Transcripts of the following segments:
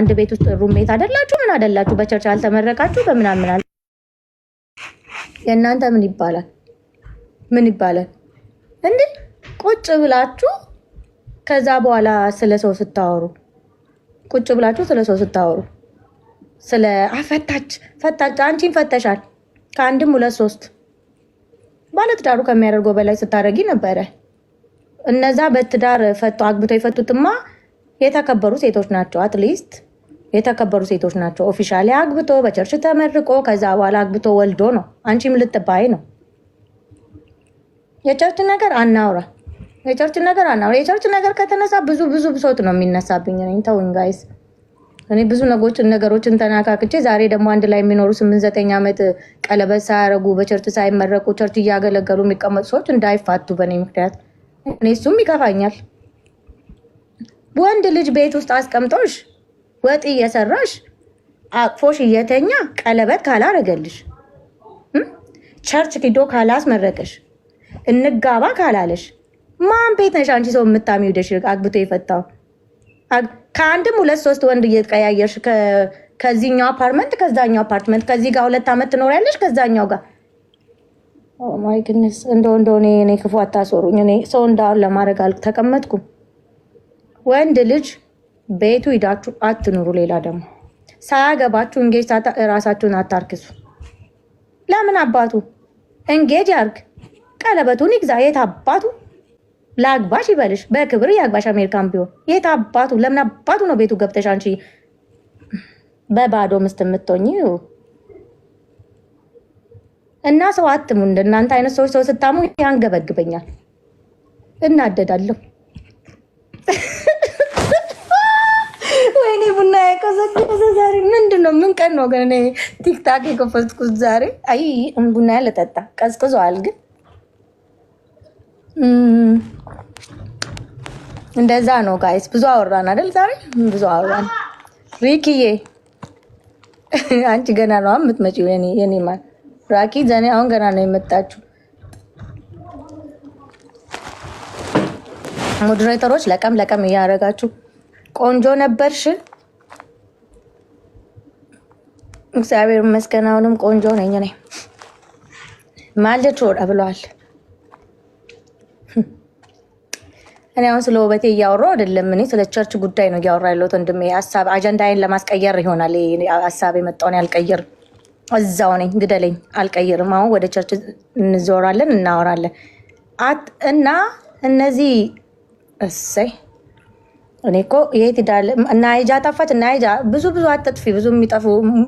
አንድ ቤት ውስጥ ሩሜት አደላችሁ ምን አደላችሁ፣ በቸርች አልተመረቃችሁ በምናምን አለ። የእናንተ ምን ይባላል? ምን ይባላል? እንዴ ቁጭ ብላችሁ ከዛ በኋላ ስለ ሰው ስታወሩ ቁጭ ብላችሁ ስለ ሰው ስታወሩ ስለ አፈታች ፈታች፣ አንቺን ፈተሻል ከአንድም ሁለት ሶስት ባለትዳሩ ከሚያደርገው በላይ ስታደርጊ ነበረ። እነዛ በትዳር ፈቶ አግብተው የፈቱትማ የተከበሩ ሴቶች ናቸው አትሊስት የተከበሩ ሴቶች ናቸው። ኦፊሻሊ አግብቶ በቸርች ተመርቆ ከዛ በኋላ አግብቶ ወልዶ ነው። አንቺም ልትባይ ነው። የቸርች ነገር አናውራ፣ የቸርች ነገር አናውራ። የቸርች ነገር ከተነሳ ብዙ ብዙ ብሶት ነው የሚነሳብኝ። ተውን ጋይስ። እኔ ብዙ ነገሮችን ተናካክቼ ዛሬ ደግሞ አንድ ላይ የሚኖሩ ስምንት ዘጠኝ ዓመት ቀለበት ሳያረጉ በቸርች ሳይመረቁ ቸርች እያገለገሉ የሚቀመጡ ሰዎች እንዳይፋቱ በእኔ ምክንያት እኔ እሱም ይከፋኛል። ወንድ ልጅ ቤት ውስጥ አስቀምጦሽ ወጥ እየሰራሽ አቅፎሽ እየተኛ ቀለበት ካላረገልሽ ቸርች ኪዶ ካላስመረቀሽ እንጋባ ካላለሽ ማን ቤት ነሽ አንቺ ሰው የምታሚው ደሽ አግብቶ የፈታው ከአንድም ሁለት ሶስት ወንድ እየቀያየርሽ ከዚህኛው አፓርትመንት ከዛኛው አፓርትመንት ከዚህ ጋር ሁለት ዓመት ትኖሪያለሽ ከዛኛው ጋር ማይ ግነስ እንደው እንደው እኔ ክፉ አታስሩኝ። እኔ ሰው እንዳሁን ለማድረግ አልተቀመጥኩም። ወንድ ልጅ በየቱ ሂዳችሁ አትኑሩ። ሌላ ደግሞ ሳያገባችሁ እንጌጅ ራሳችሁን አታርክሱ። ለምን አባቱ እንጌጅ ያርግ፣ ቀለበቱን ይግዛ። የት አባቱ ለአግባሽ ይበልሽ፣ በክብር የአግባሽ አሜሪካን ቢሆን የት አባቱ። ለምን አባቱ ነው ቤቱ ገብተሽ አንቺ በባዶ ምስት የምትሆኝ? እና ሰው አትሙ። እንደናንተ አይነት ሰዎች ሰው ስታሙ ያንገበግበኛል፣ እናደዳለሁ። ቡና የቀዘቀዘ ዛሬ ምንድን ነው? ምን ቀን ነው? ግን ቲክታክ የከፈትኩት ዛሬ። አይ ቡና ለጠጣ ቀዝቅዘዋል። ግን እንደዛ ነው ጋይስ። ብዙ አወራን አይደል? ዛሬ ብዙ አወራን። ሪኪዬ አንቺ ገና ነው የምትመጪው። የኔ ማን ራኪ ዘኔ አሁን ገና ነው የመጣችው። ሞዲሬተሮች ለቀም ለቀም እያደረጋችሁ ቆንጆ ነበርሽ። እግዚአብሔር ይመስገን አሁንም ቆንጆ ነኝ። እኔ ማለት ብለዋል። እኔ አሁን ስለ ውበቴ እያወራሁ አይደለም። እኔ ስለ ቸርች ጉዳይ ነው እያወራ ያለሁት ወንድሜ። ሀሳብ አጀንዳዬን ለማስቀየር ይሆናል ሀሳብ የመጣውን ያልቀይርም፣ እዛው ነኝ። ግደለኝ፣ አልቀይርም። አሁን ወደ ቸርች እንዞራለን፣ እናወራለን። እና እነዚህ እሰይ እኔ እኮ የት ዳለ እና ጠፋች እና ብዙ ብዙ አትጥፊ። ብዙ የሚጠፉ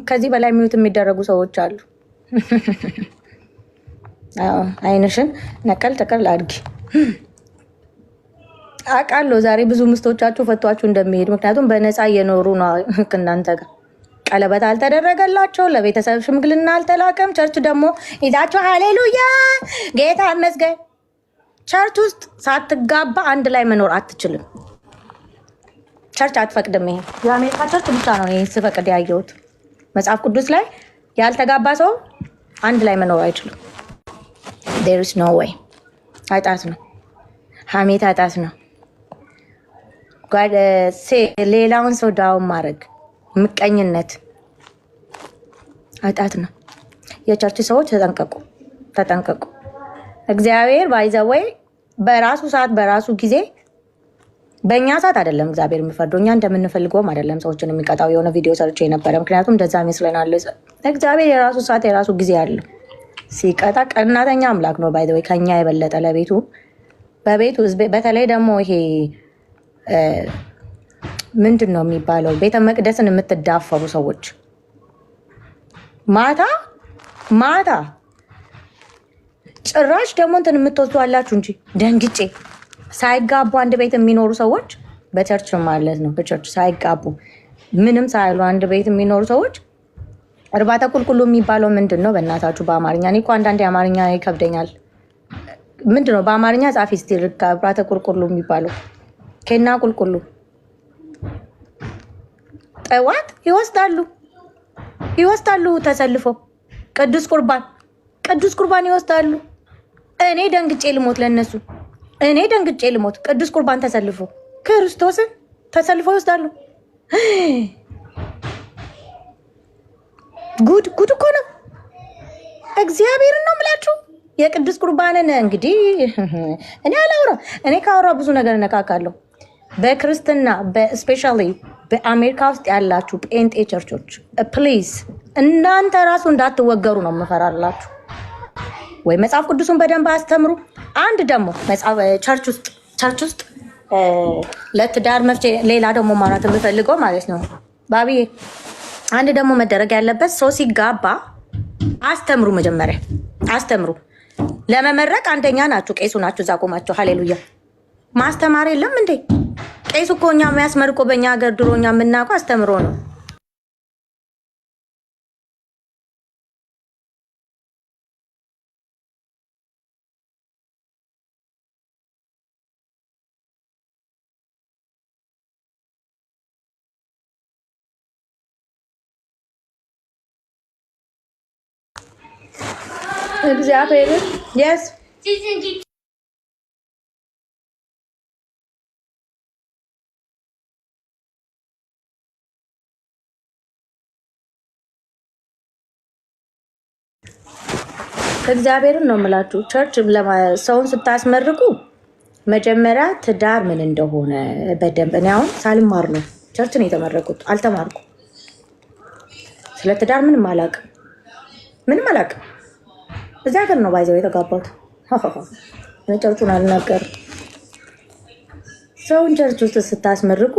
ከዚህ በላይ ሚዩት የሚደረጉ ሰዎች አሉ። አይንሽን ነቀል ተቀል አድጊ። አውቃለሁ ዛሬ ብዙ ምስቶቻችሁ ፈቷችሁ እንደሚሄድ ምክንያቱም በነፃ እየኖሩ ነው እናንተ ጋር ቀለበት አልተደረገላቸው፣ ለቤተሰብ ሽምግልና አልተላከም። ቸርች ደግሞ ይዛቸው ሀሌሉያ ጌታ ይመስገን። ቸርች ውስጥ ሳትጋባ አንድ ላይ መኖር አትችልም። ቸርች አትፈቅድም። ይሄ የአሜሪካ ቸርች ብቻ ነው ይህ ስፈቅድ ያየሁት መጽሐፍ ቅዱስ ላይ ያልተጋባ ሰው አንድ ላይ መኖር አይችልም። ዴርስ ኖ ወይ ኃጢአት ነው፣ ሀሜት ኃጢአት ነው። ሌላውን ሰው ዳውን ማድረግ ምቀኝነት ኃጢአት ነው። የቸርች ሰዎች ተጠንቀቁ፣ ተጠንቀቁ። እግዚአብሔር ባይዘወይ በራሱ ሰዓት በራሱ ጊዜ በእኛ ሰዓት አይደለም እግዚአብሔር የሚፈርደው፣ እኛ እንደምንፈልገውም አይደለም ሰዎችን የሚቀጣው። የሆነ ቪዲዮ ሰርቼ የነበረ ምክንያቱም እንደዛ ይመስለናል። እግዚአብሔር የራሱ ሰዓት የራሱ ጊዜ አለ። ሲቀጣ ቀናተኛ አምላክ ነው። ባይ ወይ ከኛ የበለጠ ለቤቱ በቤቱ በተለይ ደግሞ ይሄ ምንድን ነው የሚባለው ቤተ መቅደስን የምትዳፈሩ ሰዎች ማታ ማታ ጭራሽ ደግሞ እንትን የምትወስዱ አላችሁ እንጂ ደንግጬ ሳይጋቡ አንድ ቤት የሚኖሩ ሰዎች በቸርች ማለት ነው። በቸርች ሳይጋቡ ምንም ሳይሉ አንድ ቤት የሚኖሩ ሰዎች እርባታ ቁልቁሉ የሚባለው ምንድን ነው? በእናታችሁ በአማርኛ እኔ እኮ አንዳንዴ አማርኛ ይከብደኛል። ምንድን ነው በአማርኛ ጻፊ እስኪ እርባተ ቁልቁሉ የሚባለው ኬና ቁልቁሉ ጠዋት ይወስዳሉ ይወስዳሉ ተሰልፎ ቅዱስ ቁርባን ቅዱስ ቁርባን ይወስዳሉ። እኔ ደንግጬ ልሞት ለነሱ? እኔ ደንግጬ ልሞት። ቅዱስ ቁርባን ተሰልፎ ክርስቶስን ተሰልፎ ይወስዳሉ። ጉድ ጉድ እኮ ነው። እግዚአብሔርን ነው የምላችሁ። የቅዱስ ቁርባንን እንግዲህ እኔ አላውራ። እኔ ካወራ ብዙ ነገር እነካካለሁ። በክርስትና በስፔሻሊ በአሜሪካ ውስጥ ያላችሁ ጴንጤ ቸርቾች ፕሊዝ እናንተ ራሱ እንዳትወገሩ ነው የምፈራላችሁ። ወይ መጽሐፍ ቅዱሱን በደንብ አስተምሩ አንድ ደግሞ ቸርች ውስጥ ቸርች ውስጥ ለትዳር መፍቼ ሌላ ደግሞ ማውራት የምፈልገው ማለት ነው ባቢ አንድ ደግሞ መደረግ ያለበት ሰው ሲጋባ አስተምሩ፣ መጀመሪያ አስተምሩ። ለመመረቅ አንደኛ ናችሁ፣ ቄሱ ናችሁ፣ እዛ ቆማችሁ ሀሌሉያ። ማስተማር የለም እንዴ? ቄሱ እኮ እኛ የሚያስመርቆ በእኛ ሀገር ድሮ እኛ የምናውቀው አስተምሮ ነው። እግዚአብሔርን የስ እግዚአብሔርን ነው የምላችሁ። ቸርች ሰውን ስታስመርቁ መጀመሪያ ትዳር ምን እንደሆነ በደንብ እኔ አሁን ሳልማር ነው ቸርችን የተመረቁት። አልተማርኩ? ስለ ትዳር ምንም አላውቅም። ምንም አላውቅም። እዚህ ሀገር ነው ባይዘው የተጋባሁት። ጨርጩን አልናገርም። ሰውን ቸርች ውስጥ ስታስመርቁ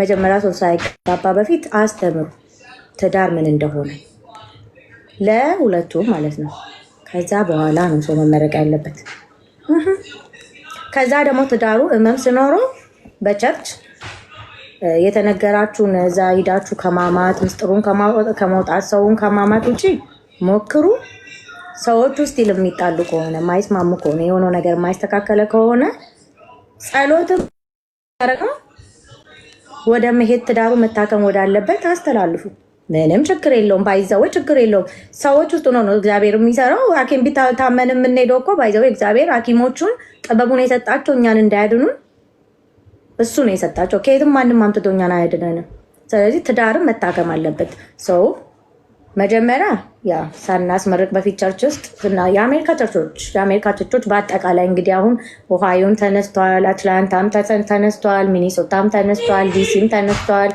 መጀመሪያ ሰው ሳይጋባ በፊት አስተምሩ ትዳር ምን እንደሆነ ለሁለቱም ማለት ነው። ከዛ በኋላ ነው ሰው መመረቅ ያለበት። ከዛ ደግሞ ትዳሩ እመም ስኖረው በቸርች የተነገራችሁን እዛ ሂዳችሁ ከማማት ምስጢሩን ከማውጣት ሰውን ከማማት ውጪ ሞክሩ። ሰዎች ውስጥ የሚጣሉ ከሆነ ማይስማሙ ከሆነ የሆነ ነገር ማይስተካከለ ከሆነ ጸሎትም ረቀው ወደ መሄድ ትዳሩ መታከም ወዳለበት አስተላልፉ። ምንም ችግር የለውም። ባይዘው ችግር የለውም። ሰዎች ውስጥ ነው እግዚአብሔር የሚሰራው። ሐኪም ቢታመን ታመን የምንሄደው እኮ ባይዘው እግዚአብሔር ሐኪሞቹን ጥበቡን የሰጣቸው እኛን እንዳያድኑን እሱ ነው የሰጣቸው። ከየትም ማንም አምጥቶ እኛን አያድነንም። ስለዚህ ትዳርም መታከም አለበት ሰው መጀመሪያ ያ ሳናስመርቅ በፊት ቸርች ውስጥ የአሜሪካ ቸርቾች የአሜሪካ ቸርቾች በአጠቃላይ እንግዲህ አሁን ኦሃዮም ተነስተዋል፣ አትላንታም ተነስተዋል፣ ሚኒሶታም ተነስተዋል፣ ዲሲም ተነስተዋል፣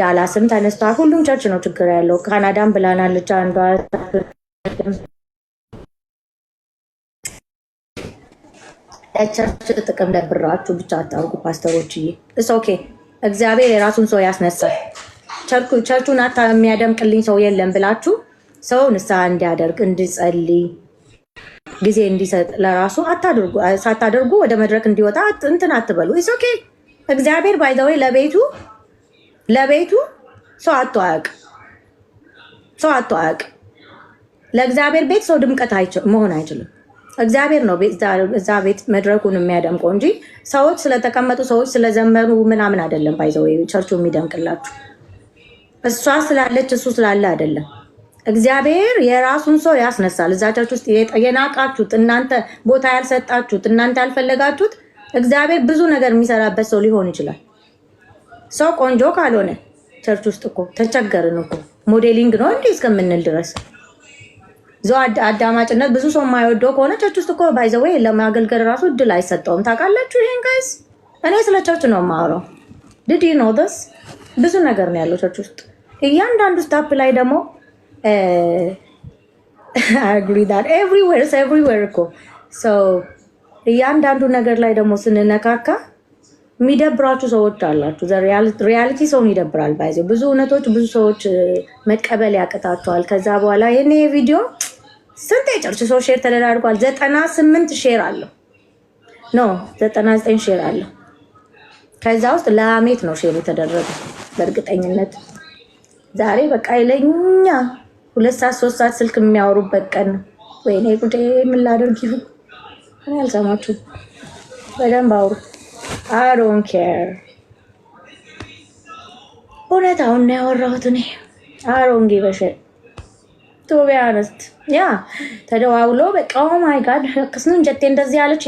ዳላስም ተነስተዋል። ሁሉም ቸርች ነው ችግር ያለው። ካናዳም ብላናለች አንዷ ቸርች ጥቅም ለብራችሁ ብቻ አታርጉ ፓስተሮችዬ። እስ ኦኬ እግዚአብሔር የራሱን ሰው ያስነሳል። ቸርቹን አታ የሚያደምቅልኝ ሰው የለም ብላችሁ ሰው ንስሐ እንዲያደርግ እንዲጸልይ ጊዜ እንዲሰጥ ለራሱ አታድርጉ። ሳታደርጉ ወደ መድረክ እንዲወጣ እንትን አትበሉ። ኢስ ኦኬ። እግዚአብሔር ባይዘወይ ለቤቱ ለቤቱ ሰው አተዋቅ ሰው አተዋቅ ለእግዚአብሔር ቤት ሰው ድምቀት መሆን አይችልም። እግዚአብሔር ነው እዛ ቤት መድረኩን የሚያደምቀው እንጂ ሰዎች ስለተቀመጡ ሰዎች ስለዘመኑ ምናምን አይደለም። ባይዘወይ ቸርቹ የሚደምቅላችሁ እሷ ስላለች እሱ ስላለ አይደለም። እግዚአብሔር የራሱን ሰው ያስነሳል። ቸርች ውስጥ የናቃችሁት እናንተ ቦታ ያልሰጣችሁት እናንተ ያልፈለጋችሁት እግዚአብሔር ብዙ ነገር የሚሰራበት ሰው ሊሆን ይችላል። ሰው ቆንጆ ካልሆነ ቸርች ውስጥ እኮ ተቸገርን እኮ ሞዴሊንግ ነው እንዲህ እስከምንል ድረስ ዘ አዳማጭነት ብዙ ሰው የማይወደው ከሆነ ቸርች ውስጥ እኮ ባይዘወይ ለማገልገል ራሱ እድል አይሰጠውም። ታውቃላችሁ ይሄን ጋይስ፣ እኔ ስለ ቸርች ነው የማወራው። ድድ ኖ ብዙ ነገር ነው ያለው ቸርች ውስጥ እያንዳንዱ ስታፕ ላይ ደግሞ አግሪ ዳት ኤቭሪዌር ኤቭሪዌር እኮ እያንዳንዱ ነገር ላይ ደግሞ ስንነካካ የሚደብራችሁ ሰዎች አላችሁ። ሪያሊቲ ሰውን ይደብራል። ባይዘ ብዙ እውነቶች ብዙ ሰዎች መቀበል ያቅታቸዋል። ከዛ በኋላ ይህኔ ቪዲዮ ስንት የጨርች ሰው ሼር ተደራርጓል? ዘጠና ስምንት ሼር አለው ኖ ዘጠና ዘጠኝ ሼር አለው። ከዛ ውስጥ ለአሜት ነው ሼር የተደረገ በእርግጠኝነት ዛሬ በቃ ይለኛ ሁለት ሰዓት ሶስት ሰዓት ስልክ የሚያወሩበት ቀን ነው። ወይኔ ጉዴ ምን ላደርግ ይሁን? እኔ አልሰማችሁም። በደንብ አውሩ። አይ ዶንት ኬር እውነት አሁን ነው ያወራሁት። እኔ አይ ዶንት ጊቭ አ ሺት ቱ ቢ ኦነስት። ያ ተደዋውሎ በቃ ኦ ማይ ጋድ ክስኑ እንጀቴ እንደዚህ አለች።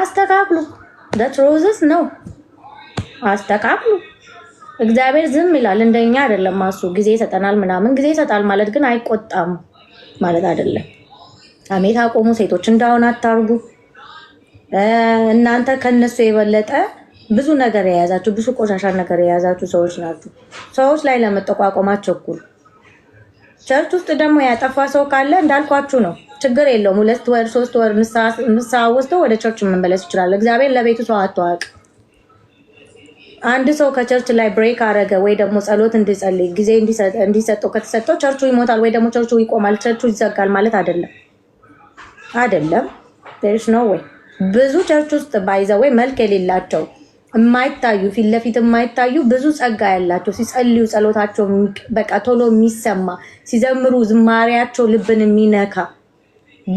አስተካክሉ። ዘ ነው አስተካክሉ። እግዚአብሔር ዝም ይላል። እንደኛ አይደለም። ማሱ ጊዜ ይሰጠናል ምናምን ጊዜ ይሰጣል ማለት ግን አይቆጣም ማለት አይደለም። አሜት አቆሙ። ሴቶች እንዳሁን አታርጉ። እናንተ ከነሱ የበለጠ ብዙ ነገር የያዛችሁ ብዙ ቆሻሻ ነገር የያዛችሁ ሰዎች ናችሁ። ሰዎች ላይ ለመጠቋቋም አቸኩል ቸርች ውስጥ ደግሞ ያጠፋ ሰው ካለ እንዳልኳችሁ ነው፣ ችግር የለውም። ሁለት ወር ሶስት ወር ምሳ ወስዶ ወደ ቸርች መመለስ ይችላል። እግዚአብሔር ለቤቱ ሰው አተዋቅ አንድ ሰው ከቸርች ላይ ብሬክ አረገ ወይ ደግሞ ጸሎት እንዲጸልይ ጊዜ እንዲሰጠው ከተሰጠው ቸርቹ ይሞታል ወይ ደግሞ ቸርቹ ይቆማል፣ ቸርቹ ይዘጋል ማለት አይደለም። አይደለም ሽ ነው ወይ ብዙ ቸርች ውስጥ ባይዘው ወይ መልክ የሌላቸው የማይታዩ ፊት ለፊት የማይታዩ ብዙ ጸጋ ያላቸው ሲጸልዩ ጸሎታቸው በቃ ቶሎ የሚሰማ ሲዘምሩ ዝማሪያቸው ልብን የሚነካ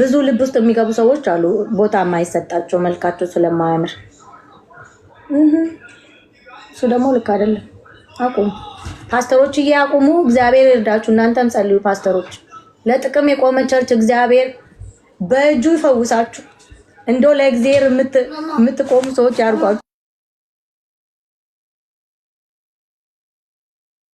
ብዙ ልብ ውስጥ የሚገቡ ሰዎች አሉ፣ ቦታ የማይሰጣቸው መልካቸው ስለማያምር እሱ ደግሞ ልክ አይደለም። አቁሙ ፓስተሮች፣ እያቁሙ እግዚአብሔር ይርዳችሁ። እናንተም ጸልዩ ፓስተሮች። ለጥቅም የቆመ ቸርች እግዚአብሔር በእጁ ይፈውሳችሁ። እንደው ለእግዚአብሔር የምትቆሙ ሰዎች ያድርጓችሁ።